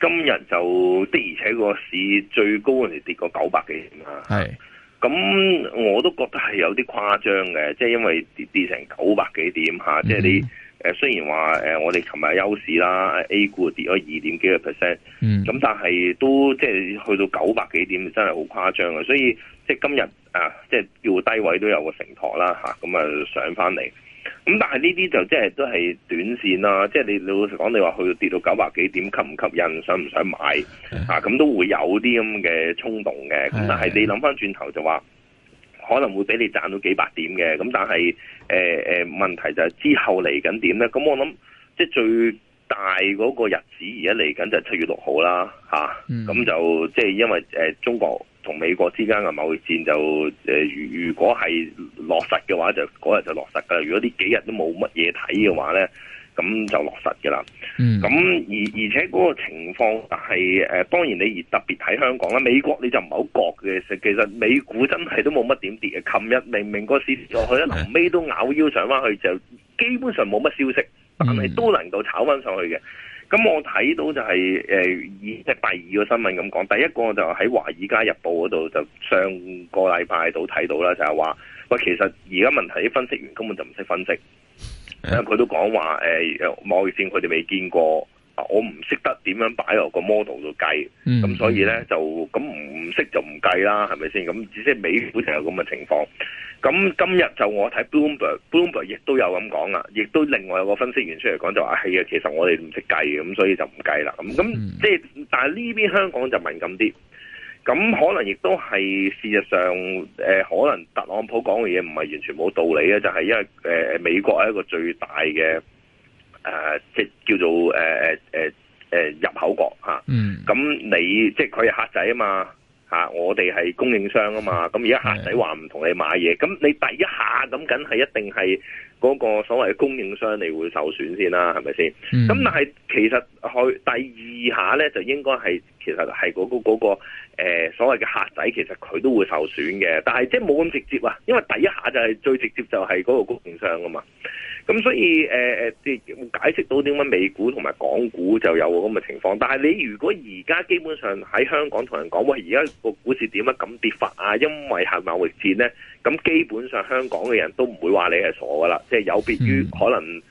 今日就的而且，個市最高係跌過九百幾點，是啊！係，咁我都覺得係有啲誇張嘅，即係因為跌跌成九百幾點嚇，即係你誒雖然話誒我哋琴日休市啦，A 股跌咗二點幾個 percent，咁但係都即係去到九百幾點真係好誇張嘅，所以即係今日啊，即係叫低位都有個承托啦嚇，咁啊就上翻嚟。咁、嗯、但係呢啲就即係都係短線啦，即係你老實講，你話去跌到九百幾點吸唔吸引，想唔想買啊？咁都會有啲咁嘅衝動嘅。咁但係你諗翻轉頭就話，可能會俾你賺到幾百點嘅。咁但係誒誒，問題就係之後嚟緊點咧？咁我諗即係最大嗰個日子而家嚟緊就係七月六號啦，吓、啊、咁就即係因為誒、呃、中國。同美國之間嘅貿易戰就如、呃、如果係落實嘅話，就嗰日就落實噶啦。如果幾呢幾日都冇乜嘢睇嘅話咧，咁就落實噶啦。咁而、嗯、而且嗰個情況，但係、呃、當然你而特別喺香港啦，美國你就唔係好覺嘅。其實美股真係都冇乜點跌嘅。琴日明明個市跌落去啦，臨尾都咬腰上翻去，就基本上冇乜消息，但係都能夠炒翻上去嘅。咁、嗯、我睇到就係誒，以即第二個新聞咁講，第一個就喺《華爾街日報》嗰度就上個禮拜到睇到啦，就係話，喂，其實而家問題啲分析員根本就唔識分析，佢、嗯、都講話誒，貿易線佢哋未見過。我唔識得點樣擺落個 model 度計，咁、嗯、所以咧就咁唔識就唔計啦，係咪先？咁只係美股就有咁嘅情況。咁今日就我睇 Bloomberg，Bloomberg 亦都有咁講啦，亦都另外有個分析員出嚟講就話係啊，其實我哋唔識計嘅，咁所以就唔計啦。咁咁即係，但係呢邊香港就敏感啲。咁可能亦都係事實上、呃，可能特朗普講嘅嘢唔係完全冇道理嘅，就係因為呃，美國係一個最大嘅。誒，即係、呃、叫做誒誒誒入口國。吓、嗯、咁、啊、你即係佢係客仔啊嘛吓，我哋係供應商啊嘛，咁而家客仔話唔同你買嘢，咁的你第一下咁，梗係一定係嗰個所謂嘅供應商你會受損先啦、啊，係咪先？咁、嗯、但係其實去第二下咧，就應該係其實係嗰個嗰個誒所謂嘅客仔，其實佢、嗰個嗰個嗰個呃、都會受損嘅，但係即係冇咁直接啊，因為第一下就係、是、最直接就係嗰個供應商啊嘛。咁所以誒即係解釋到點解美股同埋港股就有咁嘅情況。但係你如果而家基本上喺香港同人講，喂，而家個股市點樣咁跌法啊？因為係貿易戰咧，咁基本上香港嘅人都唔會話你係傻噶啦。即係有別於可能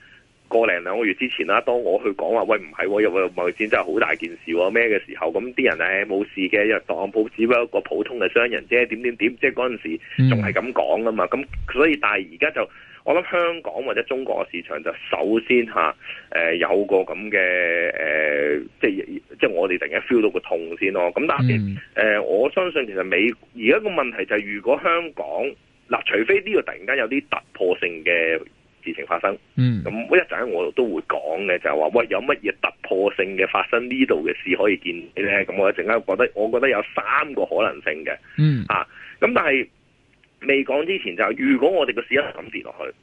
個零兩個月之前啦，當我去講話，喂，唔係又貿易戰真係好大件事咩嘅時候，咁啲人咧，冇事嘅，因為特朗普只不過一個普通嘅商人啫，點點點，即係嗰陣時仲係咁講噶嘛。咁所以但係而家就。我諗香港或者中國嘅市場就首先吓，誒、呃、有個咁嘅誒，即係即係我哋突然間 feel 到個痛先咯。咁但係誒、嗯呃，我相信其實美而家個問題就係如果香港嗱、呃，除非呢個突然間有啲突破性嘅事情發生，嗯，咁一陣我都會講嘅，就係、是、話喂有乜嘢突破性嘅發生呢度嘅事可以見呢？咁我一陣間覺得，我覺得有三個可能性嘅，嗯，咁、啊、但係。未講之前就係，如果我哋個市一咁跌落去，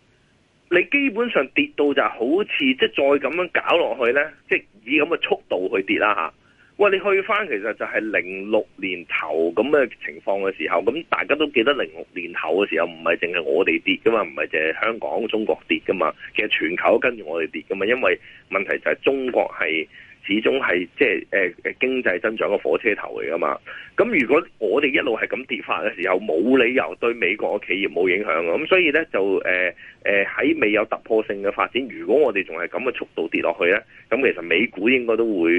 你基本上跌到就好似即係再咁樣搞落去呢，即係以咁嘅速度去跌啦吓，喂，你去返其實就係零六年頭咁嘅情況嘅時候，咁大家都記得零六年頭嘅時候，唔係淨係我哋跌噶嘛，唔係淨係香港、中國跌噶嘛，其實全球都跟住我哋跌噶嘛，因為問題就係中國係。始終係即係誒誒，經濟增長個火車頭嚟噶嘛。咁如果我哋一路係咁跌法嘅時候，冇理由對美國嘅企業冇影響。咁所以咧就誒誒，喺、呃、未、呃、有突破性嘅發展，如果我哋仲係咁嘅速度跌落去咧，咁其實美股應該都會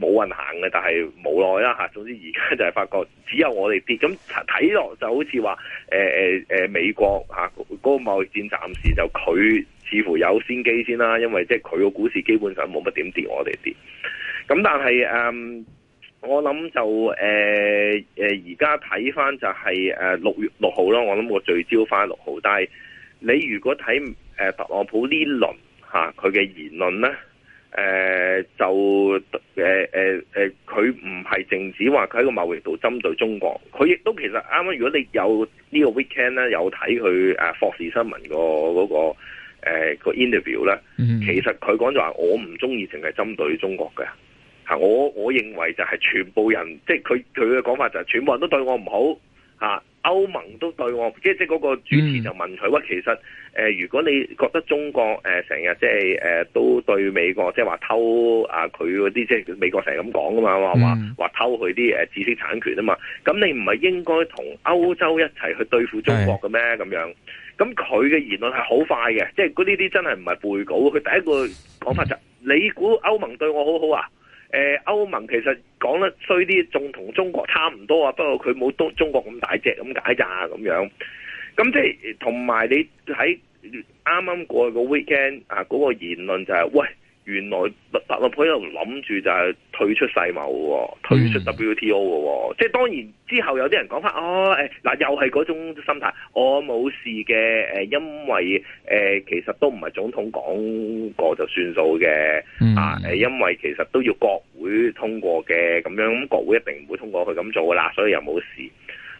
冇運行嘅。但係無奈啦吓，總之而家就係發覺，只有我哋跌，咁睇落就好似話誒誒誒，美國吓嗰、啊嗰個貿易戰暫時就佢。似乎有先機先啦，因為即係佢個股市基本上冇乜點跌，我哋跌。咁但係誒、嗯，我諗就誒而家睇翻就係、誒、六月六號啦。我諗我聚焦翻六號，但係你如果睇、呃、特朗普輪、啊、他呢輪嚇佢嘅言論咧，誒、呃、就誒誒誒，佢唔係淨止話佢喺個貿易度針對中國，佢亦都其實啱啱如果你有呢個 weekend 咧，有睇佢誒霍士新聞個嗰個。誒，個、uh, interview 咧、mm，hmm. 其實佢講就話我唔中意淨係針對中國嘅，吓我我認為就係全部人，即係佢佢嘅講法就係全部人都對我唔好，吓、啊、歐盟都對我，即係即係嗰個主持就問佢喂，mm hmm. 其實誒、呃，如果你覺得中國誒成日即係誒都對美國即係話偷啊佢嗰啲即係美國成日咁講㗎嘛，話話話偷佢啲誒知識產權啊嘛，咁你唔係應該同歐洲一齊去對付中國嘅咩？咁、mm hmm. 樣？咁佢嘅言論係好快嘅，即係嗰呢啲真係唔係背稿。佢第一個講法就：你估歐盟對我好好啊？呃，歐盟其實講得衰啲，仲同中國差唔多啊。不過佢冇中中國咁大隻咁解咋咁樣。咁即係同埋你喺啱啱過去個 weekend 啊，嗰個言論就係，喂。原來特朗普又諗住就係退出世貿，退出 WTO 嘅，即係、嗯、當然之後有啲人講翻，哦嗱、哎，又係嗰種心態，我、哦、冇事嘅，因為、呃、其實都唔係總統講過就算數嘅、嗯、啊，因為其實都要國會通過嘅咁樣，咁國會一定唔會通過佢咁做噶啦，所以又冇事。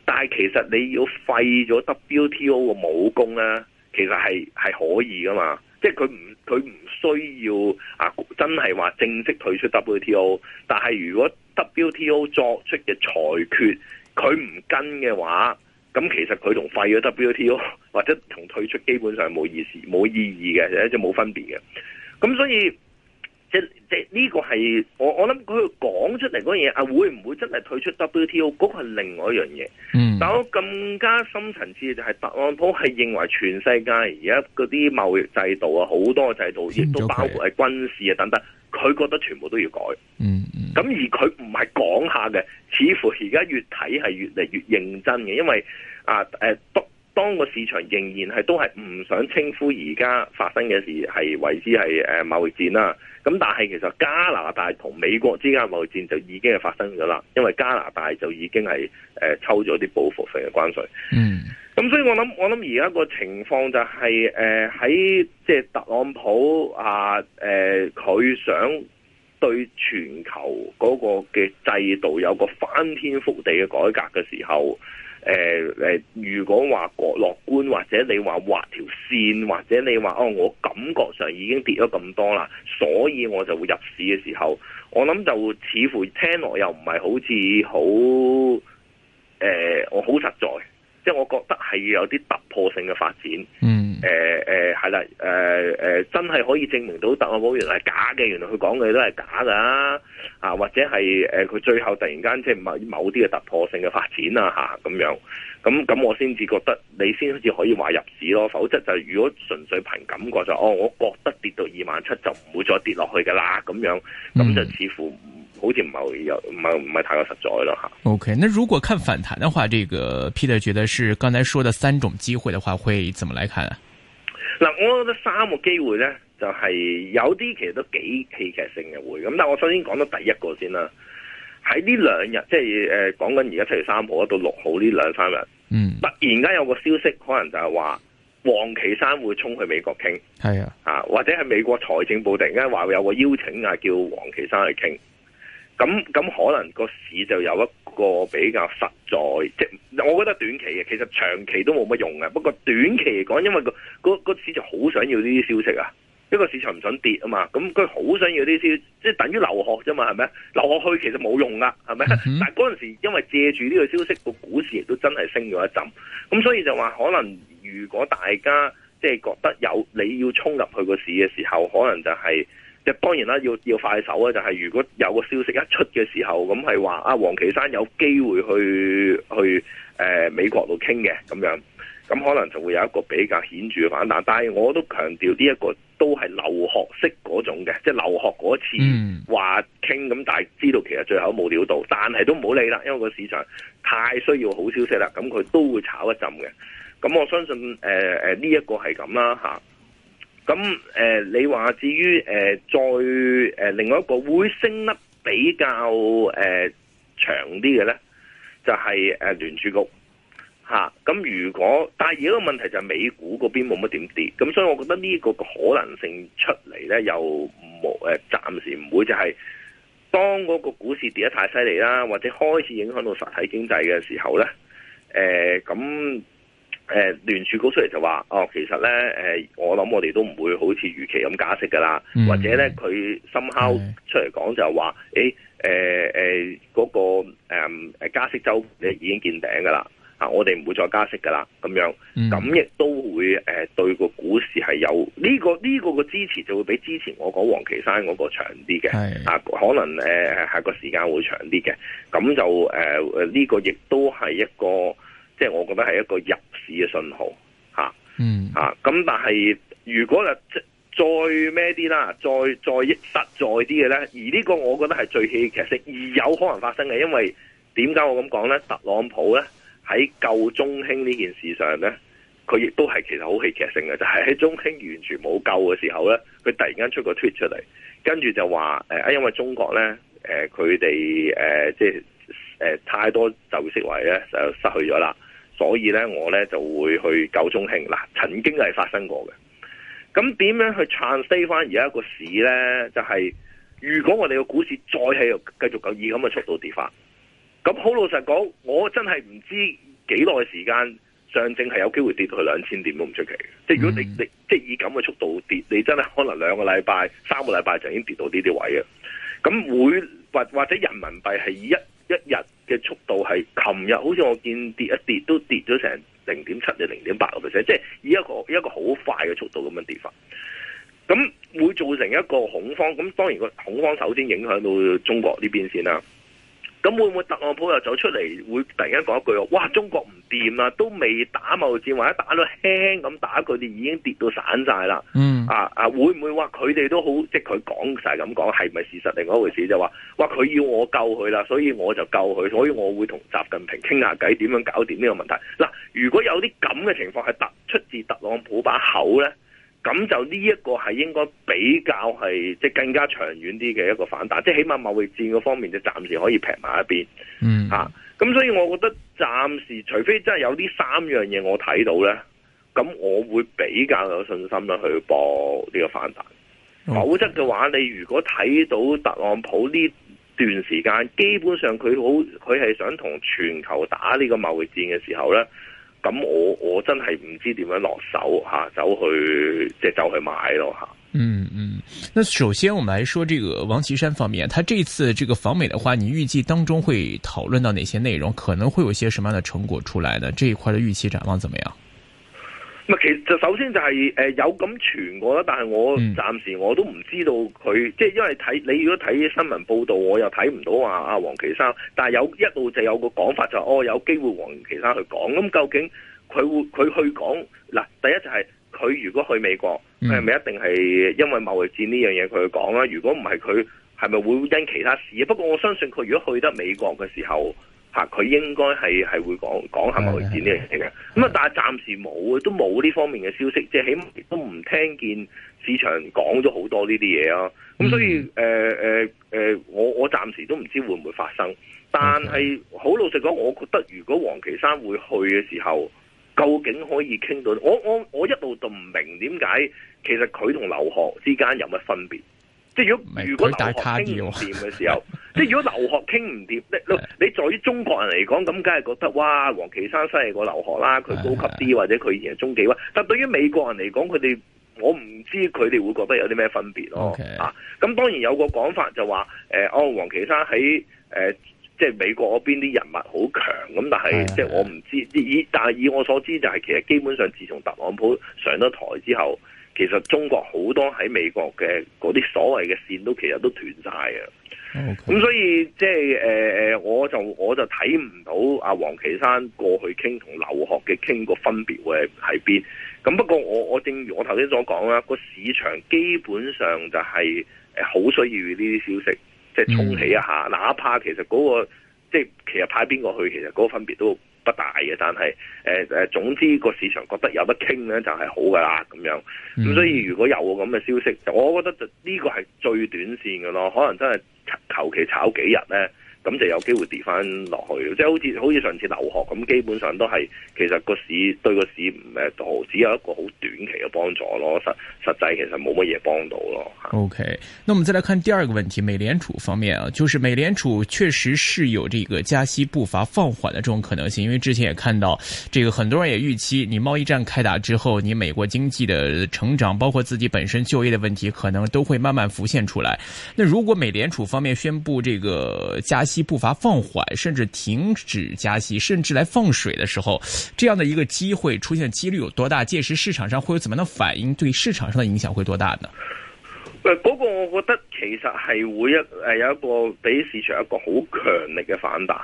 但係其實你要廢咗 WTO 嘅武功咧，其實係係可以噶嘛，即係佢唔。佢唔需要啊，真係話正式退出 WTO，但係如果 WTO 作出嘅裁決佢唔跟嘅話，咁其實佢同廢咗 WTO 或者同退出基本上係冇意思、冇意義嘅，就一種冇分別嘅，咁所以。即即呢個係我我諗佢講出嚟嗰樣嘢啊，會唔會真係退出 WTO？嗰個係另外一樣嘢。嗯。但我更加深層次嘅就係、是、特朗普係認為全世界而家嗰啲貿易制度啊，好多制度亦都包括係軍事啊等等，佢覺得全部都要改。嗯咁、嗯、而佢唔係講下嘅，似乎而家越睇係越嚟越認真嘅，因為啊誒、啊當個市場仍然係都係唔想稱呼而家發生嘅事係為之係誒貿易戰啦，咁但係其實加拿大同美國之間嘅貿易戰就已經係發生咗啦，因為加拿大就已經係誒抽咗啲報復性嘅關稅。嗯，咁所以我諗我諗而家個情況就係誒喺即係特朗普啊，誒、呃、佢想對全球嗰個嘅制度有個翻天覆地嘅改革嘅時候。誒、呃、如果話過樂觀，或者你話畫條線，或者你話哦，我感覺上已經跌咗咁多啦，所以我就會入市嘅時候，我諗就似乎聽落又唔係好似好誒，我好實在。即係我覺得係要有啲突破性嘅發展，誒誒係啦，誒誒、呃呃呃呃、真係可以證明到特朗普原來係假嘅，原來佢講嘅都係假㗎，啊或者係誒佢最後突然間即係某某啲嘅突破性嘅發展啊嚇咁樣，咁咁我先至覺得你先至可以話入市咯，否則就如果純粹憑感覺就是，哦，我覺得跌到二萬七就唔會再跌落去㗎啦，咁樣，咁就似乎。好似唔係有唔係唔係太過實在咯吓。OK，那如果看反彈的話，這個 Peter 覺得是剛才說的三種機會的話，會怎麼來看啊？嗱、嗯，我覺得三個機會咧，就係、是、有啲其實都幾戲劇性嘅會咁。但係我首先講到第一個先啦。喺呢兩日，即係誒講緊而家七月三號到六號呢兩三日，嗯，突然間有個消息，可能就係話王岐山會衝去美國傾，係啊啊，或者係美國財政部突然間話有個邀請啊，叫王岐山去傾。咁咁可能個市就有一個比較實在，即係我覺得短期嘅，其實長期都冇乜用嘅。不過短期嚟講，因為個個市就好想要呢啲消息啊，一個市場唔想跌啊嘛，咁佢好想要啲消息，即係等於留學啫嘛，係咪？留學去其實冇用噶，係咪？嗯、哼但係嗰陣時，因為借住呢個消息，個股市亦都真係升咗一陣，咁所以就話可能如果大家即係覺得有你要衝入去個市嘅時候，可能就係。即當然啦，要要快手啊！就係、是、如果有個消息一出嘅時候，咁係話啊，王岐山有機會去去誒、呃、美國度傾嘅咁樣，咁可能就會有一個比較顯著嘅反彈。但係我都強調呢一個都係留學式嗰種嘅，即係留學嗰次話傾咁，mm. 但係知道其實最後冇料到，但係都唔好理啦，因為個市場太需要好消息啦，咁佢都會炒一陣嘅。咁我相信誒誒呢一個係咁啦吓。啊咁誒、呃，你話至於誒、呃、再誒、呃、另外一個會升得比較誒、呃、長啲嘅咧，就係、是、誒、呃、聯儲局吓、啊、咁如果，但係而家個問題就係美股嗰邊冇乜點跌，咁所以我覺得呢個可能性出嚟咧，又冇誒、呃、暫時唔會，就係、是、當嗰個股市跌得太犀利啦，或者開始影響到實體經濟嘅時候咧，誒、呃、咁。誒，聯儲局出嚟就話，哦，其實咧，誒，我諗我哋都唔會好似預期咁加息噶啦，或者咧，佢深敲出嚟講就係話，誒，誒，誒，嗰個誒，加息周已經見頂噶啦，啊，我哋唔會再加息噶啦，咁樣，咁亦、嗯、都會誒、呃，對個股市係有呢、這個呢、這個個支持，就會比之前我講黃岐山嗰個長啲嘅，的啊，可能誒下個時間會長啲嘅，咁就誒誒呢個亦都係一個。即係我覺得係一個入市嘅信號，嚇、嗯，嚇、啊，咁但係如果就即再咩啲啦，再再實在啲嘅咧，而呢個我覺得係最戲劇性，而有可能發生嘅，因為點解我咁講咧？特朗普咧喺救中興呢件事上咧，佢亦都係其實好戲劇性嘅，就係喺中興完全冇救嘅時候咧，佢突然間出個 tweet 出嚟，跟住就話誒、呃，因為中國咧，誒佢哋誒即係誒太多就職位咧就失去咗啦。所以咧，我咧就會去救中興嗱，曾經係發生過嘅。咁點樣去撐 Stay 翻而家一個市咧？就係、是、如果我哋個股市再係繼續有以咁嘅速度跌翻，咁好老實講，我真係唔知幾耐時間上證係有機會跌到去兩千點都唔出奇、嗯、即係如果你你即係以咁嘅速度跌，你真係可能兩個禮拜、三個禮拜就已經跌到呢啲位啊。咁會或或者人民幣係以一。一日嘅速度係，琴日好似我見跌一跌都跌咗成零點七定零點八個 percent，即係以一個一個好快嘅速度咁樣的跌法，咁會造成一個恐慌，咁當然個恐慌首先影響到中國呢邊先啦。咁會唔會特朗普又走出嚟，會突然間講一句話，哇！中國唔掂啊，都未打貿戰，或者打到輕咁打，佢哋已經跌到散晒啦。嗯啊啊，會唔會話佢哋都好，即佢講晒咁講，係咪事實另外一回事？就話哇，佢要我救佢啦，所以我就救佢，所以我會同習近平傾下偈，點樣搞掂呢個問題？嗱、啊，如果有啲咁嘅情況係突出自特朗普把口咧？咁就呢一個係應該比較係即係更加長遠啲嘅一個反彈，即係起碼貿易戰個方面，就暫時可以撇埋一邊。嗯，咁、啊、所以我覺得暫時，除非真係有呢三樣嘢我睇到咧，咁我會比較有信心去博呢個反彈。否則嘅話，你如果睇到特朗普呢段時間，基本上佢好，佢係想同全球打呢個貿易戰嘅時候咧。咁我我真係唔知點樣落手吓，走去即係走去買咯吓。嗯嗯，那首先我們來說這個王岐山方面，他這次這個訪美的話，你預計當中會討論到哪些內容？可能會有些什麼樣的成果出來呢？這一塊的預期展望怎麼樣？其實首先就係誒有咁傳過啦，但係我暫時我都唔知道佢，即係因為睇你，你如果睇新聞報道，我又睇唔到話阿王岐山，但係有一路就有個講法就係、是、哦，有機會王岐山去講，咁究竟佢會佢去講嗱？第一就係佢如果去美國，係咪一定係因為貿易戰呢樣嘢佢去講啦，如果唔係，佢係咪會因其他事？不過我相信佢如果去得美國嘅時候。吓，佢應該係係會講講下貿易戰呢樣嘢嘅，咁啊，但係暫時冇，都冇呢方面嘅消息，即係起碼都唔聽見市場講咗好多呢啲嘢咯。咁、嗯、所以誒誒誒，我我暫時都唔知道會唔會發生。但係好老實講，我覺得如果王岐山會去嘅時候，究竟可以傾到，我我我一路都唔明點解其實佢同劉鶴之間有乜分別？即如果如果劉鶴傾唔掂嘅時候， 即如果劉鶴傾唔掂，你你你，在於中國人嚟講，咁梗係覺得哇，王岐山犀利過劉鶴啦，佢高級啲 或者佢以前係中紀委。但對於美國人嚟講，佢哋我唔知佢哋會覺得有啲咩分別咯。Okay. 啊，咁當然有個講法就話，誒、呃，哦，王岐山喺誒、呃，即美國嗰邊啲人物好強咁，但係 即我唔知，以但係以我所知、就是，就係其實基本上，自從特朗普上咗台之後。其實中國好多喺美國嘅嗰啲所謂嘅線都其實都斷晒嘅，咁 Okay.、嗯、所以即係誒誒，我就我就睇唔到阿黃岐山過去傾同劉鶴嘅傾個分別會喺邊。咁不過我我正如我頭先所講啦，個市場基本上就係誒好需要呢啲消息，即係重起一下，mm. 哪怕其實嗰個即係其實派邊個去，其實嗰分別都不大嘅，但係，誒、呃、誒，總之個市場覺得有得傾咧，就係好噶啦咁樣。咁、嗯、所以如果有咁嘅消息，我覺得就呢個係最短綫嘅咯，可能真係求其炒幾日咧。咁就有機會跌翻落去，即係好似好似上次留學咁，基本上都係其實個市對個市唔咩到，只有一個好短期嘅幫助咯，實實際其實冇乜嘢幫到咯。OK，那我們再來看第二個問題，美聯儲方面啊，就是美聯儲確實是有這個加息步伐放緩的這種可能性，因為之前也看到，這個很多人也預期，你貿易戰開打之後，你美國經濟的成長，包括自己本身就業的問題，可能都會慢慢浮現出來。那如果美聯儲方面宣布這個加息，其步伐放緩，甚至停止加息，甚至來放水的時候，這樣的一個機會出現幾率有多大？屆時市場上會有怎麼樣的反應？對市場上的影響會多大呢？誒，嗰個我覺得其實係會一誒有一個俾市場一個好強力嘅反彈，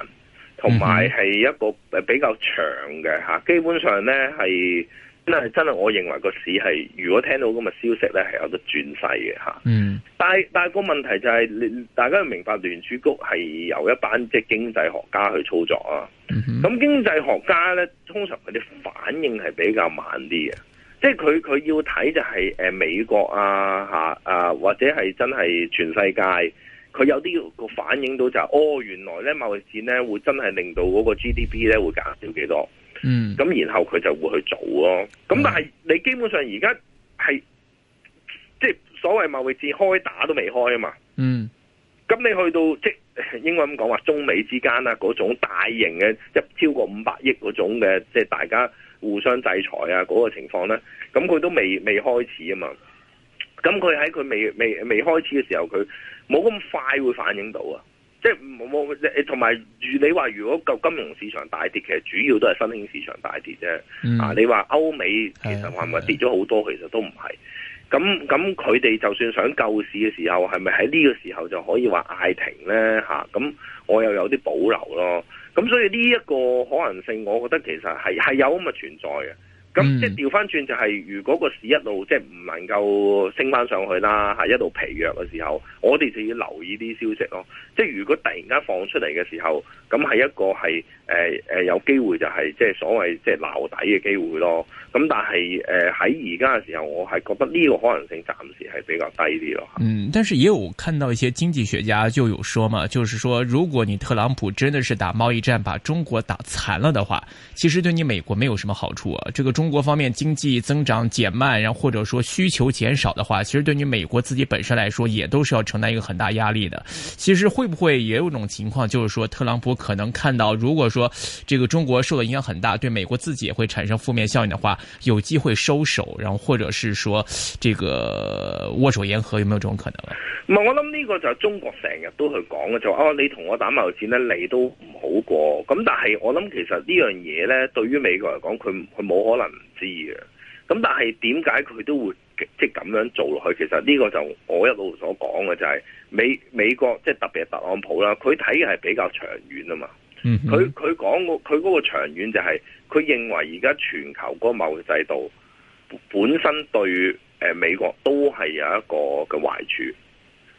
同埋係一個誒比較長嘅吓，基本上咧係。真係真係，我認為個市係，如果聽到咁嘅消息咧，係有得轉勢嘅吓。嗯，但係但係個問題就係、是，你大家要明白聯儲局係由一班即係、就是、經濟學家去操作啊。咁、mm hmm. 經濟學家咧，通常佢哋反應係比較慢啲嘅，即係佢佢要睇就係誒美國啊吓啊，或者係真係全世界，佢有啲個反應到就係、是，哦原來咧貿易戰咧會真係令到嗰個 GDP 咧會減少幾多少。嗯，咁然後佢就會去做咯、哦。咁但係你基本上而家係即係所謂貿易戰開打都未開啊嘛。嗯，咁你去到即係應該咁講話，中美之間啊，嗰種大型嘅即超過五百億嗰種嘅，即係大家互相制裁啊嗰、那個情況咧，咁佢都未未開始啊嘛。咁佢喺佢未未未開始嘅時候，佢冇咁快會反應到啊。即係冇冇，同埋如你話，如果舊金融市場大跌，其實主要都係新興市場大跌啫。嗯、啊，你話歐美其實係咪跌咗好多，其實都唔係。咁咁，佢哋就算想救市嘅時候，係咪喺呢個時候就可以話嗌停呢？吓、啊，咁我又有啲保留咯。咁所以呢一個可能性，我覺得其實係係有咁嘅存在嘅。咁即係調翻轉就係，如果個市一路即係唔能夠升翻上去啦，吓，一路疲弱嘅時候，我哋就要留意啲消息咯。即係如果突然間放出嚟嘅時候，咁係一個係誒誒有機會就係即係所謂即係撈底嘅機會咯。咁但係誒喺而家嘅時候，我係覺得呢個可能性暫時係比較低啲咯。嗯，但是也有看到一些經濟學家就有說嘛，就是說如果你特朗普真的是打貿易戰把中國打殘了的話，其實對你美國沒有什麼好處啊。這個中中國方面經濟增長減慢，然後或者說需求減少的話，其實對於美國自己本身來說，也都是要承擔一個很大壓力的。其實會不會也有一種情況，就是說特朗普可能看到，如果說這個中國受的影響很大，對美國自己也會產生負面效應的話，有機會收手，然後或者是說這個握手言和，有沒有這種可能啊？唔係，我諗呢個就中國成日都去講嘅，就話，你同我打貿易戰咧，你都唔好過。咁但係我諗，其實呢樣嘢呢，對於美國嚟講，佢佢冇可能。唔知嘅，咁但係點解佢都會即係咁樣做落去？其實呢個就我一路所講嘅就係、是、美美國即係特別係特朗普啦，佢睇嘅係比較長遠啊嘛。嗯，佢佢講佢嗰個長遠就係、是、佢認為而家全球嗰個貿易制度本身對誒美國都係有一個嘅壞處。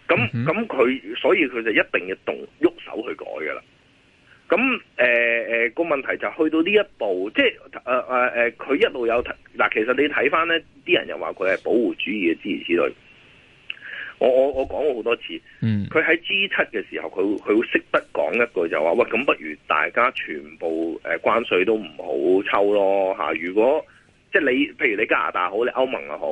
咁咁佢所以佢就一定要動喐手去改噶啦。咁誒誒個問題就去到呢一步，即係誒誒誒，佢、呃呃呃、一路有嗱，其實你睇翻咧，啲人又話佢係保護主義嘅支持者之類。我我我講過好多次，嗯，佢喺 G7 嘅時候，佢佢會識得講一句就話：喂，咁不如大家全部誒關稅都唔好抽咯嚇。如果即係你，譬如你加拿大好，你歐盟又好，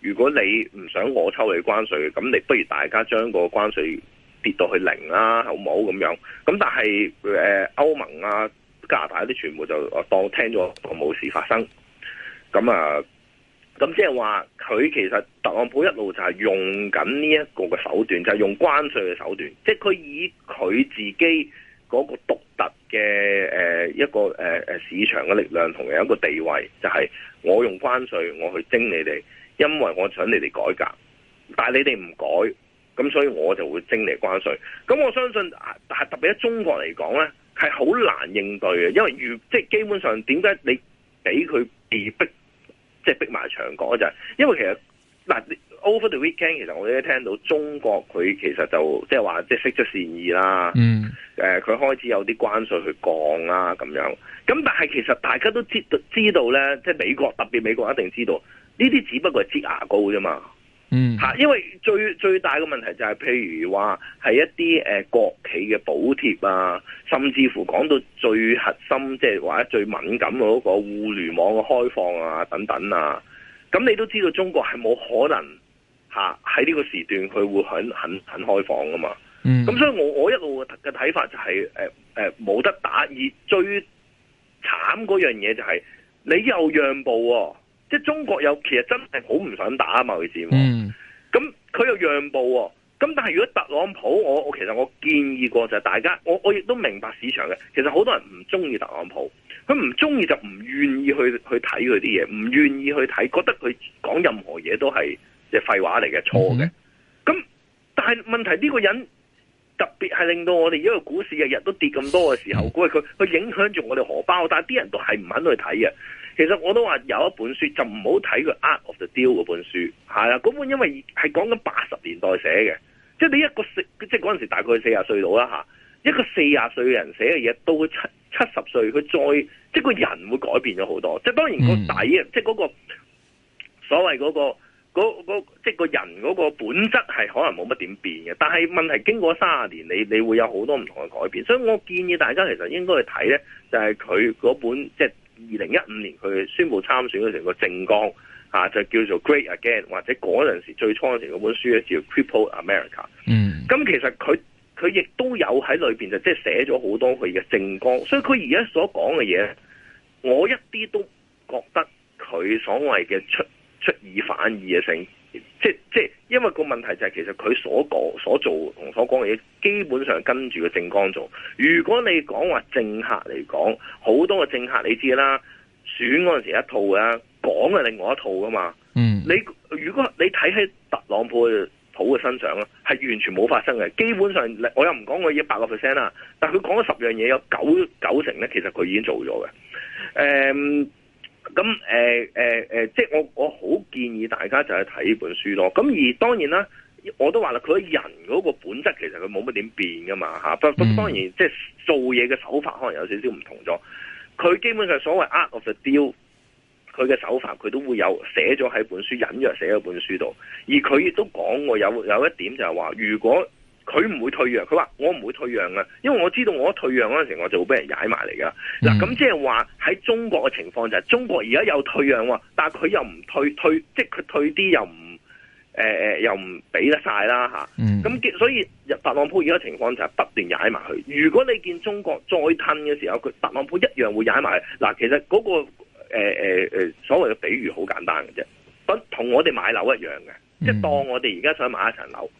如果你唔想我抽你關稅嘅，咁你不如大家將個關稅跌到去零啦、啊，好唔好？咁樣。咁但係，誒、呃，歐盟啊、加拿大啲全部就當聽咗同冇事發生。咁啊，咁即係話佢其實特朗普一路就係用緊呢一個嘅手段，就係、是、用關稅嘅手段。即係佢以佢自己嗰個獨特嘅誒一個誒誒市場嘅力量，同樣一個地位，就係、是、我用關稅我去徵你哋，因為我想你哋改革，但係你哋唔改。咁所以我就會徵嚟關稅，咁我相信係特別喺中國嚟講咧，係好難應對嘅，因為如即係基本上點解你俾佢被逼，即係逼埋牆角就係、是、因為其實嗱，over the weekend 其實我哋都聽到中國佢其實就即係話即係釋出善意啦，佢、嗯呃、開始有啲關稅去降啦、啊、咁樣，咁但係其實大家都知道知道咧，即係美國特別美國一定知道呢啲只不過係擠牙膏啫嘛。嗯，吓，因為最最大嘅問題就係、是，譬如話係一啲誒、呃、國企嘅補貼啊，甚至乎講到最核心，即係話者最敏感嗰個互聯網嘅開放啊，等等啊，咁你都知道中國係冇可能吓喺呢個時段佢會很很很開放噶嘛。嗯，咁所以我我一路嘅睇法就係、是，誒、呃、誒，冇、呃、得打而最慘嗰樣嘢就係、是、你又讓步、哦。即係中國有，其實真係好唔想打啊嘛件事。咁佢、嗯、又讓步、哦，咁但係如果特朗普我，我我其實我建議過就係大家，我我亦都明白市場嘅。其實好多人唔中意特朗普，佢唔中意就唔願意去去睇佢啲嘢，唔願意去睇，覺得佢講任何嘢都係即係廢話嚟嘅，錯嘅。咁、嗯、呢但係問題呢個人特別係令到我哋一個股市日日都跌咁多嘅時候，估係佢佢佢影響住我哋荷包，但係啲人都係唔肯去睇嘅。其實我都話有一本書就唔好睇佢，呃 Art of the Deal 嗰本書，係啦嗰本因為係講緊八十年代寫嘅，即係你一個即係嗰陣時大概四十歲到啦吓，一個四十歲嘅人寫嘅嘢到七七十歲佢再即係個人會改變咗好多，即係當然個底、嗯、即係、嗰、嗰個所謂嗰、嗰個即係個人嗰個本質係可能冇乜點變嘅，但係問題經過三十年你你會有好多唔同嘅改變，所以我建議大家其實應該去睇咧就係佢嗰本即係。二零一五年佢宣布參選嘅成個政綱啊，就叫做 Great Again，或者嗰陣時最初嗰本書咧叫 Crippled America。嗯，咁其實佢佢亦都有喺裏邊就即係寫咗好多佢嘅政綱，所以佢而家所講嘅嘢，我一啲都覺得佢所謂嘅出出爾反爾嘅性。即即，因為個問題就係其實佢所講所做同所講嘅嘢，基本上跟住個政綱做。如果你講話政客嚟講，好多嘅政客你知啦，選嗰陣時一套嘅，講係另外一套噶嘛。嗯，你如果你睇喺特朗普嘅身上咧，係完全冇發生嘅。基本上，我又唔講我一百個 percent 啦，但係佢講咗十樣嘢，有九九成咧，其實佢已經做咗嘅。嗯咁誒誒即係我我好建議大家就係睇呢本書咯。咁而當然啦，我都話啦，佢人嗰個本質其實佢冇乜點變噶嘛，吓，不不，當然即係做嘢嘅手法可能有少少唔同咗。佢基本上所謂呃 Art of the Deal，佢嘅手法，佢都會有寫咗喺本書，隱約寫喺本書度。而佢亦都講過有有一點就係話，如果。佢唔會退讓，佢話我唔會退讓啊！因為我知道我一退讓嗰陣時，我就會俾人踩埋嚟噶啦。嗱、嗯，咁即係話喺中國嘅情況就係、是、中國而家有退讓喎，但佢又唔退退，即係佢退啲又唔誒、呃、又唔俾得晒啦吓，咁所以，特朗普而家情況就係不斷踩埋佢。如果你見中國再褪嘅時候，佢特朗普一樣會踩埋佢。嗱、呃，其實嗰、那個誒、呃呃、所謂嘅比喻好簡單嘅啫，同我哋買樓一樣嘅，即係當我哋而家想買一層樓。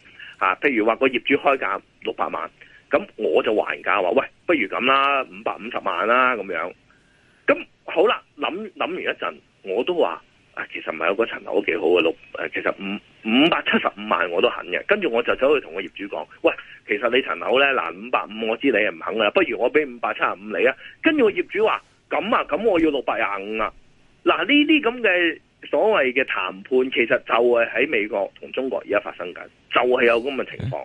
啊，譬如話個業主開價六百萬，咁我就還價話，喂，不如咁啦，五百五十萬啦，咁樣。咁好啦，諗諗完一陣，我都話，啊，其實唔係，嗰層樓幾好嘅六，誒，其實五五百七十五萬我都肯嘅。跟住我就走去同個業主講，喂，其實你層樓咧，嗱、啊，五百五我知你係唔肯啦，不如我俾五百七十五你啊。跟住個業主話，咁啊，咁我要六百廿五啊。嗱、啊，呢啲咁嘅。所謂嘅談判其實就係喺美國同中國而家發生緊，就係有咁嘅情況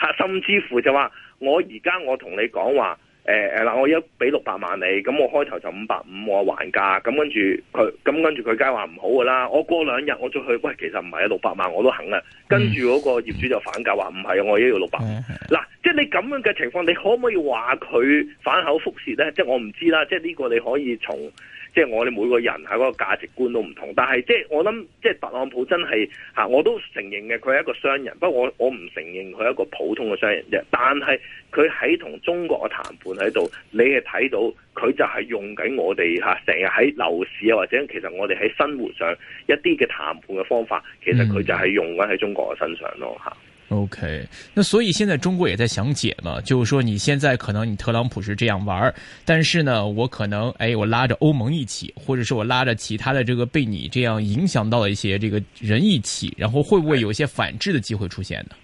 嚇，甚至乎就話我而家我同你講話，誒誒嗱，我而家俾六百萬你，咁我開頭就五百五我還價，咁跟住佢，咁跟住佢梗係話唔好噶啦，我過兩日我再去，喂，其實唔係啊，六百萬我都肯啊，跟住嗰個業主就反價話唔係，我一定要六百。嗱，即係你咁樣嘅情況，你可唔可以話佢反口覆舌咧？即係我唔知啦，即係呢個你可以從。即係我哋每個人喺嗰個價值觀都唔同，但係即係我諗，即係特朗普真係吓，我都承認嘅，佢係一個商人，不過我我唔承認佢係一個普通嘅商人啫。但係佢喺同中國嘅談判喺度，你係睇到佢就係用緊我哋吓，成日喺樓市或者，其實我哋喺生活上一啲嘅談判嘅方法，其實佢就係用緊喺中國嘅身上咯吓。O、okay, K，那所以現在中國也在想解嘛，就是說你現在可能你特朗普是這樣玩，但是呢，我可能誒、哎，我拉着歐盟一起，或者是我拉着其他的這個被你這樣影響到的一些這個人一起，然後會不會有一些反制的機會出現呢？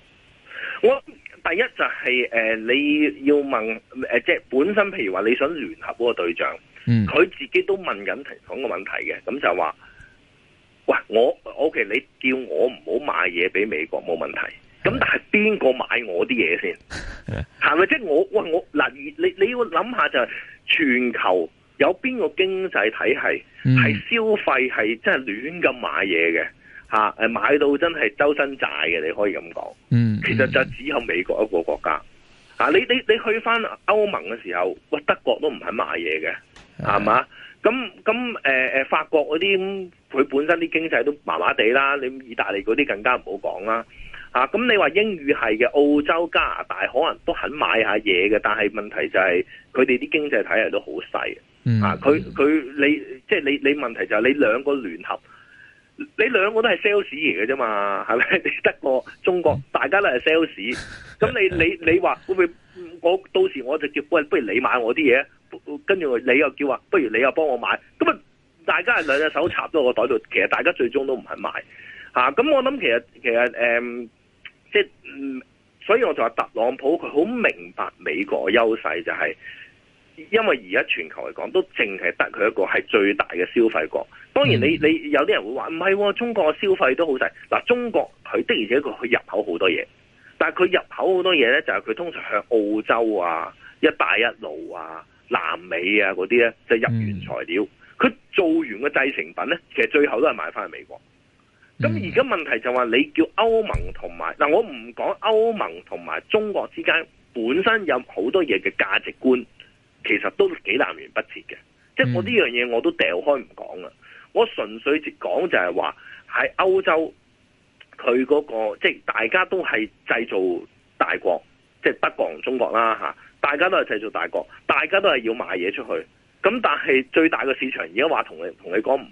我第一就係、是、誒、呃、你要問誒、呃、即係本身，譬如話你想聯合嗰個對象，嗯，佢自己都問緊同個問題嘅，咁就話，喂，我 O、okay, K，你叫我唔好賣嘢俾美國冇問題。咁但係邊個買我啲嘢先？係咪即係我？喂我嗱，你你要諗下就係全球有邊個經濟體系係消費係、嗯、真係亂咁買嘢嘅吓？誒買到真係周身債嘅，你可以咁講。嗯，其實就只有美國一個國家。啊、嗯，你你你去翻歐盟嘅時候，喂德國都唔肯買嘢嘅，係嘛、嗯？咁咁誒誒，法國嗰啲佢本身啲經濟都麻麻地啦，你意大利嗰啲更加唔好講啦。咁、啊、你話英語系嘅澳洲、加拿大可能都肯買下嘢嘅，但係問題就係佢哋啲經濟體系都好細啊。佢佢你即係你你問題就係你兩個聯合，你兩個都係 sales 嚟嘅啫嘛，係咪？你得個中國，大家都係 sales，咁你你你話會唔會？我到時我就叫喂，不如你買我啲嘢，跟住你又叫話，不如你又幫我買，咁啊，大家係兩隻手插咗個袋度，其實大家最終都唔肯買吓。咁、啊、我諗其實其實誒。嗯即係、嗯，所以我就話特朗普佢好明白美國嘅優勢就係，因為而家全球嚟講都淨係得佢一個係最大嘅消費國。當然你、嗯、你有啲人會話唔係喎，中國嘅消費都好細。嗱、啊，中國佢的而且確佢入口好多嘢，但係佢入口好多嘢咧，就係、是、佢通常去澳洲啊、一帶一路啊、南美啊嗰啲咧，即、就、係、是、入原材料。佢、嗯、做完個製成品咧，其實最後都係賣翻去美國。咁而家問題就話你叫歐盟同埋嗱，我唔講歐盟同埋中國之間本身有好多嘢嘅價值觀，其實都幾南轅北轍嘅。即係我呢樣嘢我都掉開唔講啦。我純粹直講就係話喺歐洲，佢嗰個即係大家都係製造大國，即係德國同中國啦吓，大家都係製造大國，大家都係要賣嘢出去。咁但係最大嘅市場而家話同你同你講唔。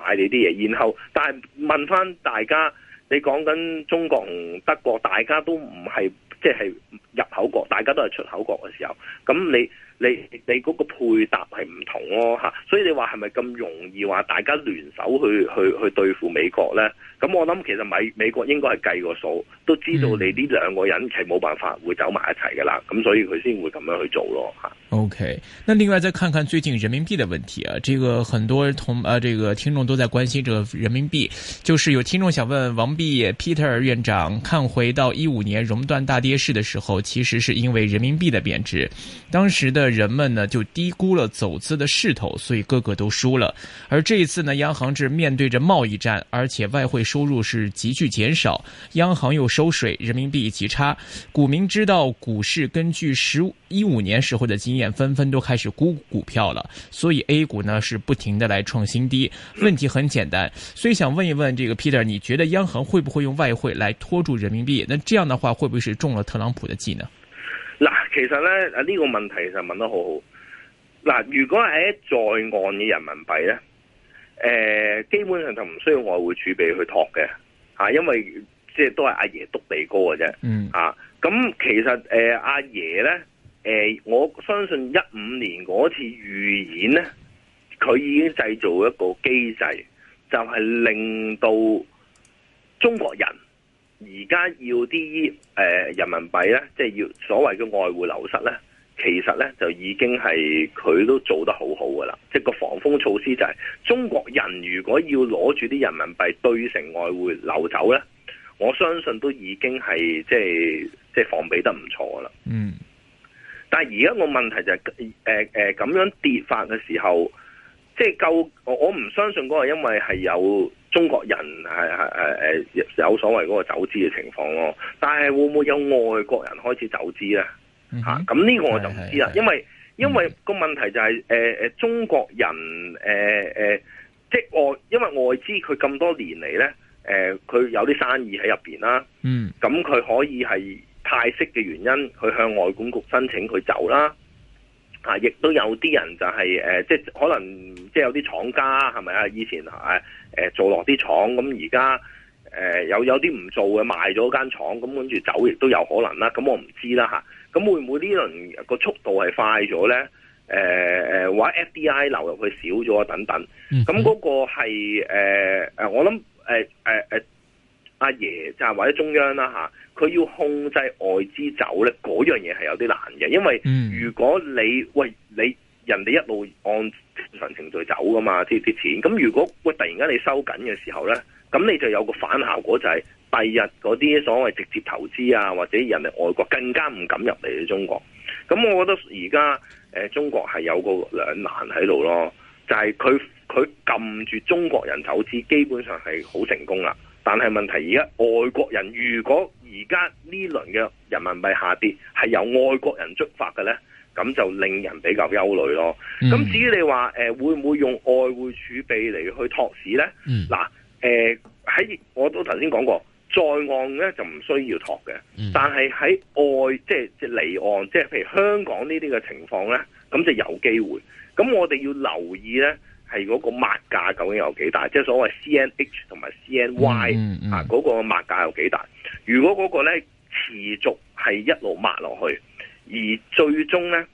買你啲嘢，然後但係問翻大家，你講緊中國同德國，大家都唔係即係入口國，大家都係出口國嘅時候，咁你。你你嗰個配搭係唔同咯吓，所以你話係咪咁容易話大家聯手去去去對付美國咧？咁我諗其實美美國應該係計個數，都知道你呢兩個人係冇辦法會走埋一齊噶啦，咁所以佢先會咁樣去做咯吓 OK，那另外再看看最近人民幣的問題啊，這個很多同啊，這個聽眾都在關心這個人民幣，就是有聽眾想問王弼 Peter 院長，看回到一五年熔斷大跌市的時候，其實是因為人民幣嘅貶值，當時的。人們呢就低估了走資的勢頭，所以個個都輸了。而這一次呢，央行是面對着貿易戰，而且外匯收入是急劇減少，央行又收水，人民幣極差。股民知道股市，根據十五年時候的經驗，紛紛都開始估股票了。所以 A 股呢是不停的來創新低。問題很簡單，所以想問一問這個 Peter，你覺得央行會不會用外匯來拖住人民幣？那這樣的話，會不會是中了特朗普的計呢？嗱，其實咧啊，呢個問題就問得好好。嗱，如果係喺在岸嘅人民幣咧，誒，基本上就唔需要外匯儲備去托嘅，嚇，因為即係都係阿爺督地哥嘅啫。嗯。嚇，啊，咁其實誒阿爺咧，誒，我相信一五年嗰次預演咧，佢已經製造一個機制，就係令到中國人。而家要啲、呃、人民幣咧，即係要所謂嘅外匯流失咧，其實咧就已經係佢都做得好好噶啦。即係個防風措施就係、是、中國人如果要攞住啲人民幣兌成外匯流走咧，我相信都已經係即係即係防備得唔錯噶啦。嗯。但係而家個問題就係誒誒咁樣跌法嘅時候。即係夠，我我唔相信嗰個，因為係有中國人係係有所謂嗰個走資嘅情況咯。但係會唔會有外國人開始走資咧？咁呢、嗯哼啊、個我就唔知啦是。因為因為個問題就係、是呃、中國人、呃呃、即係外因為外資佢咁多年嚟咧，佢、呃、有啲生意喺入邊啦。嗯，咁佢可以係派息嘅原因去向外管局申請佢走啦。啊！亦都有啲人就係、是、誒、呃，即係可能即係有啲廠家係咪啊？以前誒誒、呃、做落啲廠，咁而家誒有有啲唔做嘅賣咗間廠，咁跟住走亦都有可能啦。咁我唔知啦嚇。咁、啊、會唔會呢輪個速度係快咗咧？誒、呃、誒，或 F D I 流入去少咗等等。咁嗰、mm hmm. 個係誒、呃、我諗誒誒誒。呃呃呃阿爺就或者中央啦吓，佢要控制外資走咧，嗰樣嘢係有啲難嘅，因為如果你、嗯、喂你人哋一路按正常程序走噶嘛，啲啲錢，咁如果喂突然間你收緊嘅時候咧，咁你就有個反效果就係第二日嗰啲所謂直接投資啊，或者人哋外國更加唔敢入嚟嘅中國。咁我覺得而家誒中國係有個兩難喺度咯，就係佢佢撳住中國人投資，基本上係好成功啦。但係問題而家外國人如果而家呢輪嘅人民幣下跌係由外國人觸發嘅咧，咁就令人比較憂慮咯。咁、嗯、至於你話誒、呃、會唔會用外匯儲備嚟去托市咧？嗱誒喺我都頭先講過，在岸咧就唔需要托嘅，嗯、但係喺外即係即係離岸，即係譬如香港呢啲嘅情況咧，咁就有機會。咁我哋要留意咧。係嗰個抹價究竟有幾大？即係所謂 C N H 同埋 C N Y、嗯嗯、啊，嗰、嗰個抹價有幾大？如果嗰個咧持續係一路抹落去，而最終咧、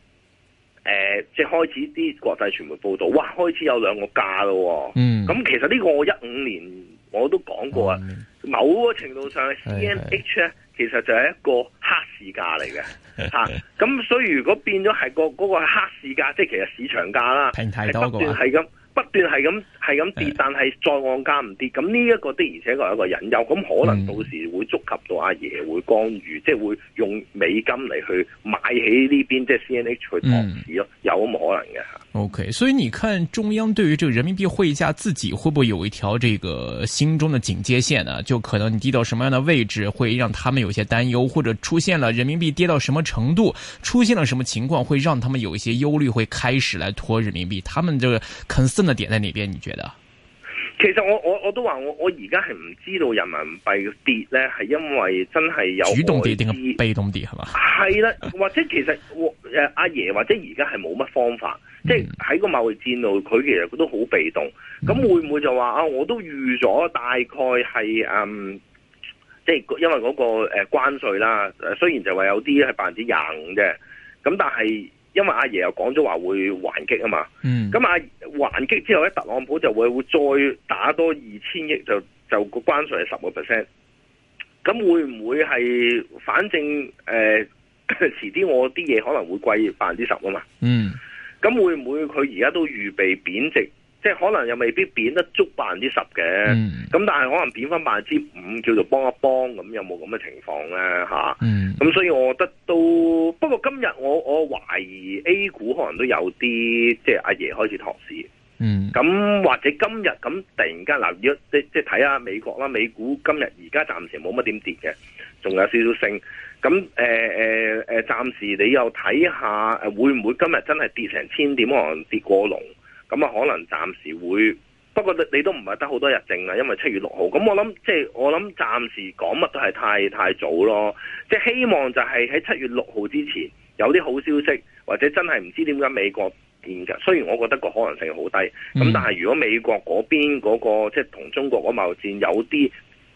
呃，即係開始啲國際傳媒報道，哇，開始有兩個價咯、哦。喎、嗯。咁其實呢個我一五年我都講過啊。嗯、某個程度上，C N H 咧是其實就係一個黑市價嚟嘅吓。咁所以如果變咗係、嗰個嗰、嗰個、黑市價，即係其實市場價啦，平太多嘅嘛。係咁。不斷係咁係咁跌，但係再按加唔跌，咁呢、哎、一個的而且確係一個隱憂，咁可能到時會觸及到阿爺、嗯、會干預，即係會用美金嚟去買起呢邊即係、就是、C N H 去托市咯，嗯、有咁可能嘅。O、okay, K，所以你看中央對於這個人民幣匯價自己會不會有一條這個心中的警戒線呢？就可能你跌到什麼樣的位置會讓他們有些擔憂，或者出現了人民幣跌到什麼程度，出現了什麼情況會讓他們有一些憂慮，會開始來拖人民幣。他們這個嘅點在哪邊？你覺得？其實我我我都話我我而家係唔知道人民幣跌咧，係因為真係有主動跌定被動跌係嘛？係 啦，或者其實阿爺、啊、或者而家係冇乜方法，嗯、即係喺個貿易戰度，佢其實佢都好被動。咁會唔會就話啊？我都預咗大概係即係因為嗰、嗰個誒、呃、關稅啦，雖然就話有啲係百分之廿五啫，咁但係。因為阿爺又講咗話會還擊啊嘛，咁啊、嗯、還擊之後咧，特朗普就會會再打多二千億，就就個關稅係十個 percent，咁會唔會係反正誒，遲、呃、啲我啲嘢可能會貴百分之十啊嘛，咁會唔會佢而家都預備貶值？即係可能又未必跌得足百分之十嘅，咁、嗯、但係可能跌翻百分之五叫做幫一幫咁，有冇咁嘅情況咧？嚇、嗯，咁所以我覺得都，不過今日我我懷疑 A 股可能都有啲即係阿爺開始託市，咁、嗯、或者今日咁突然間嗱，要即即係睇下美國啦，美股今日而家暫時冇乜點跌嘅，仲有少少升，咁誒誒誒，暫時你又睇下會唔會今日真係跌成千點可能跌過龍？咁啊，可能暫時會，不過你都唔係得好多日靜啊，因為七月六號。咁我諗即係我諗，暫時講乜都係太太早咯。即係希望就係喺七月六號之前有啲好消息，或者真係唔知點解美國變嘅。雖然我覺得個可能性好低，咁但係如果美國嗰邊嗰個即係同中國嗰貿戰有啲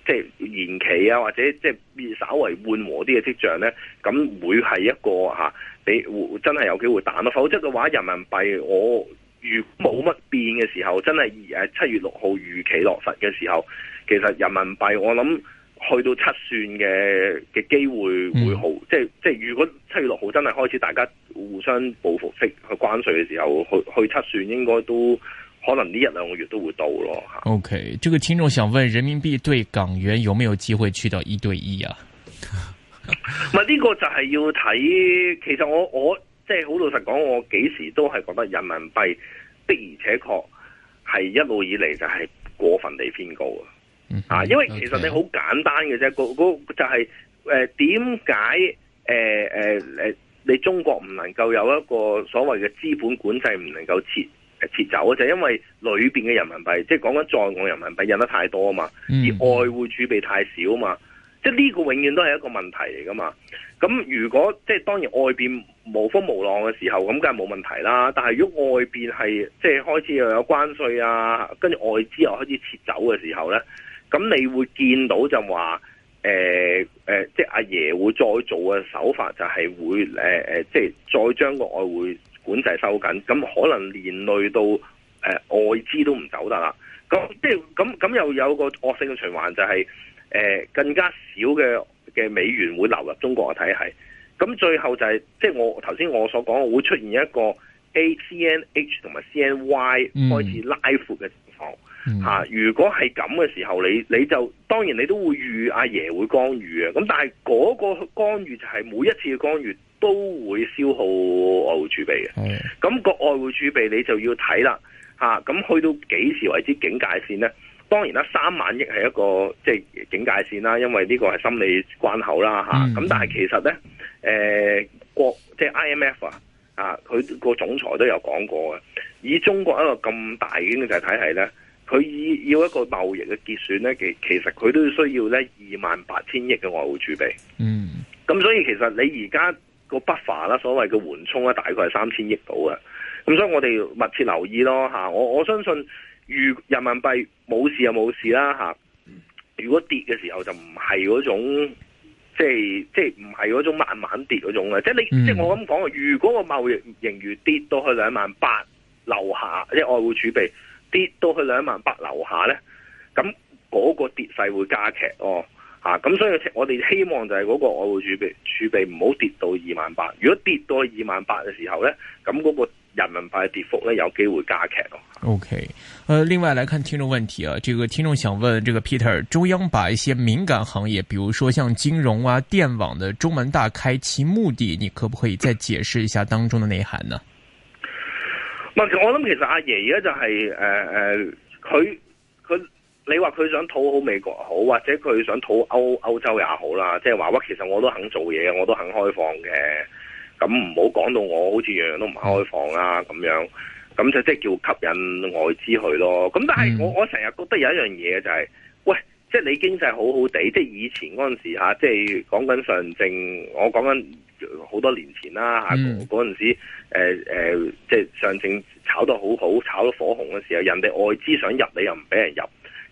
即係延期啊，或者即係稍為緩和啲嘅跡象呢，咁會係一個嚇，你、啊、真係有機會彈咯。否則嘅話，人民幣我。如冇乜變嘅時候，真係誒七月六號預期落實嘅時候，其實人民幣我諗去到七算嘅嘅機會會好，嗯、即係即係如果七月六號真係開始大家互相報復式去關稅嘅時候，去去七算應該都可能呢一兩個月都會到咯 OK，呢個聽眾想問：人民幣對港元有沒有機會去到一對一啊？呢 個就係要睇，其實我我即係好老實講，我幾時都係覺得人民幣。的而且確係一路以嚟就係過分地偏高啊！啊、嗯哼，因為其實你好簡單嘅啫，嗰嗰 Okay. 就係誒點解誒誒誒，你中國唔能夠有一個所謂嘅資本管制唔能夠撤撤走啊？就係、因為裏邊嘅人民幣，即係講緊在岸人民幣印得太多啊嘛，嗯、而外匯儲備太少啊嘛。即係呢個永遠都係一個問題嚟㗎嘛。咁如果即係當然外邊無風無浪嘅時候，咁梗係冇問題啦。但係如果外邊係即係開始又有關稅啊，跟住外資又開始撤走嘅時候咧，咁你會見到就話誒、呃呃、即係阿爺會再做嘅手法就係會、呃、即係再將個外匯管制收緊，咁可能連累到誒、呃、外資都唔走得啦。咁即係咁咁，又有個惡性嘅循環就係、是。誒，更加少嘅嘅美元會流入中國嘅體系，咁最後就係、是、即係我頭先我所講，會出現一個 A C N H 同埋 C N Y 開始拉闊嘅情況吓、嗯啊。如果係咁嘅時候，你你就當然你都會預阿爺會干預啊。咁但係嗰個干預就係每一次嘅干預都會消耗外匯儲備嘅，咁、嗯、個外匯儲備你就要睇啦。吓咁、啊、去到幾時為之警戒線咧？當然啦，三萬億係一個即係警戒線啦，因為呢個係心理關口啦，吓、嗯。咁、啊、但係其實咧，誒、呃、國即係 IMF 啊，啊佢個總裁都有講過嘅，以中國一個咁大嘅經濟體系咧，佢要要一個貿易嘅結算咧，其其實佢都需要咧二萬八千億嘅外匯儲備。嗯。咁所以其實你而家個 buffer 啦，所謂嘅緩衝咧，大概係三千億到啊。咁所以我哋密切留意咯，吓，我我相信，如人民幣冇事就冇事啦，吓。如果跌嘅時候就唔係嗰種，即係即係唔係嗰種慢慢跌嗰種啊！即係你、嗯、即係我咁講，如果個貿易盈餘跌到去兩萬八樓下，即係外匯儲備跌到去兩萬八樓下呢，咁嗰個跌勢會加劇喎。吓、啊！咁所以我哋希望就係嗰個外匯儲備儲備唔好跌到二萬八，如果跌到二萬八嘅時候呢，咁嗰、嗰個人民幣跌幅咧，有機會加劇咯。OK，呃，另外嚟看聽眾問題啊，這個聽眾想問這個 Peter，中央把一些敏感行業，比如說像金融啊、電網的中門大開，其目的你可不可以再解釋一下當中的內涵呢？我諗其實阿爺咧就係誒誒，佢、呃、佢你話佢想討好美國好，或者佢想討歐，歐洲也好啦，即係話我其實我都肯做嘢，我都肯開放嘅。咁唔好講到我好似樣樣都唔開放啦咁樣，咁就即係叫吸引外資去咯。咁但係我我成日覺得有一樣嘢就係、是，喂，即係你經濟好好地，即係以前嗰陣時、啊、即係講緊上證，我講緊好多年前啦嗰陣時誒、呃呃、即係上證炒得好好，炒到火紅嘅時候，人哋外資想入你，你又唔俾人入。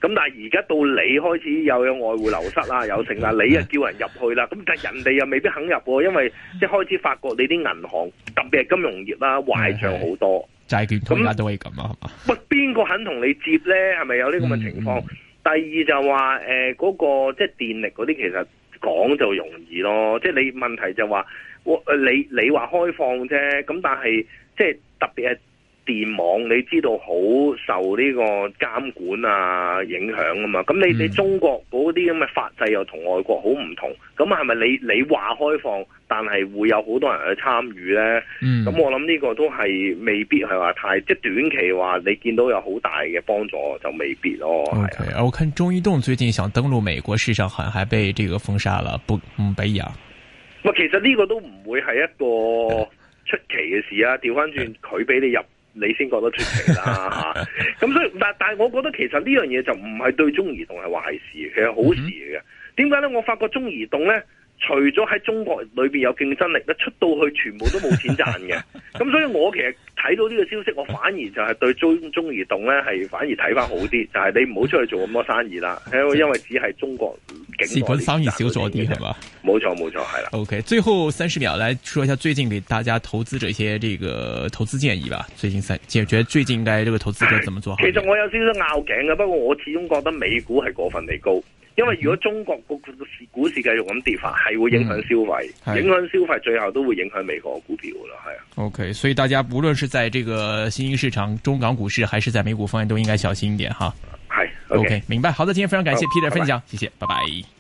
咁但係而家到你開始又有外匯流失啦，有剩啦，你又叫人入去啦，咁但係人哋又未必肯入喎，因為即係開始發覺你啲銀行特別係金融業啦，壞賬好多，債券同而家都係咁啊，係嘛？喂，邊個肯同你接咧？係咪有呢咁嘅情況？ 嗯、第二就話、是、嗰、呃那個即係電力嗰啲，其實講就容易咯，即係你問題就話、是呃、你你話開放啫，咁但係即係特別係。電網你知道好受呢個監管啊影響啊嘛，咁你哋、嗯、中國嗰啲咁嘅法制又同外國好唔同，咁係咪你你話開放，但係會有好多人去參與咧？咁、嗯、我諗呢個都係未必係話太即係短期話你見到有好大嘅幫助就未必咯。啊、OK，我看中移動最近想登陸美國市場，好像還，還被這個封殺了，不唔俾啊？其實呢個都唔會係一個出奇嘅事啊！調翻轉佢俾你入。你先覺得出奇啦吓咁 所以，但但係我覺得其實呢樣嘢就唔係對中移動係壞事，其實好事嚟嘅。點解咧？我發覺中移動咧。除咗喺中國裏邊有競爭力，出到去全部都冇錢賺嘅。咁 所以我其實睇到呢個消息，我反而就係對中中移動咧係反而睇翻好啲。 就係你唔好出去做咁多生意啦， 因為只係中國境外嘅生意少咗啲係嘛？冇錯冇錯，係啦。OK，最後三十秒來說一下最近給大家投資者一些這個投資建議吧。最近三，你覺得最近應該這個投資者怎麼做？其實我有少少拗頸嘅，不過我始終覺得美股係過分地高。因為如果中國股市繼續咁跌法，係會影響消費，嗯、影響消費最後都會影響美國股票啦，係啊。OK，所以大家無論是在這個新興市場、中港股市，還是在美股方面，都應該小心一點哈。係，O K，明白。好的，今天非常感謝 Peter 分享，bye bye 謝謝，拜拜。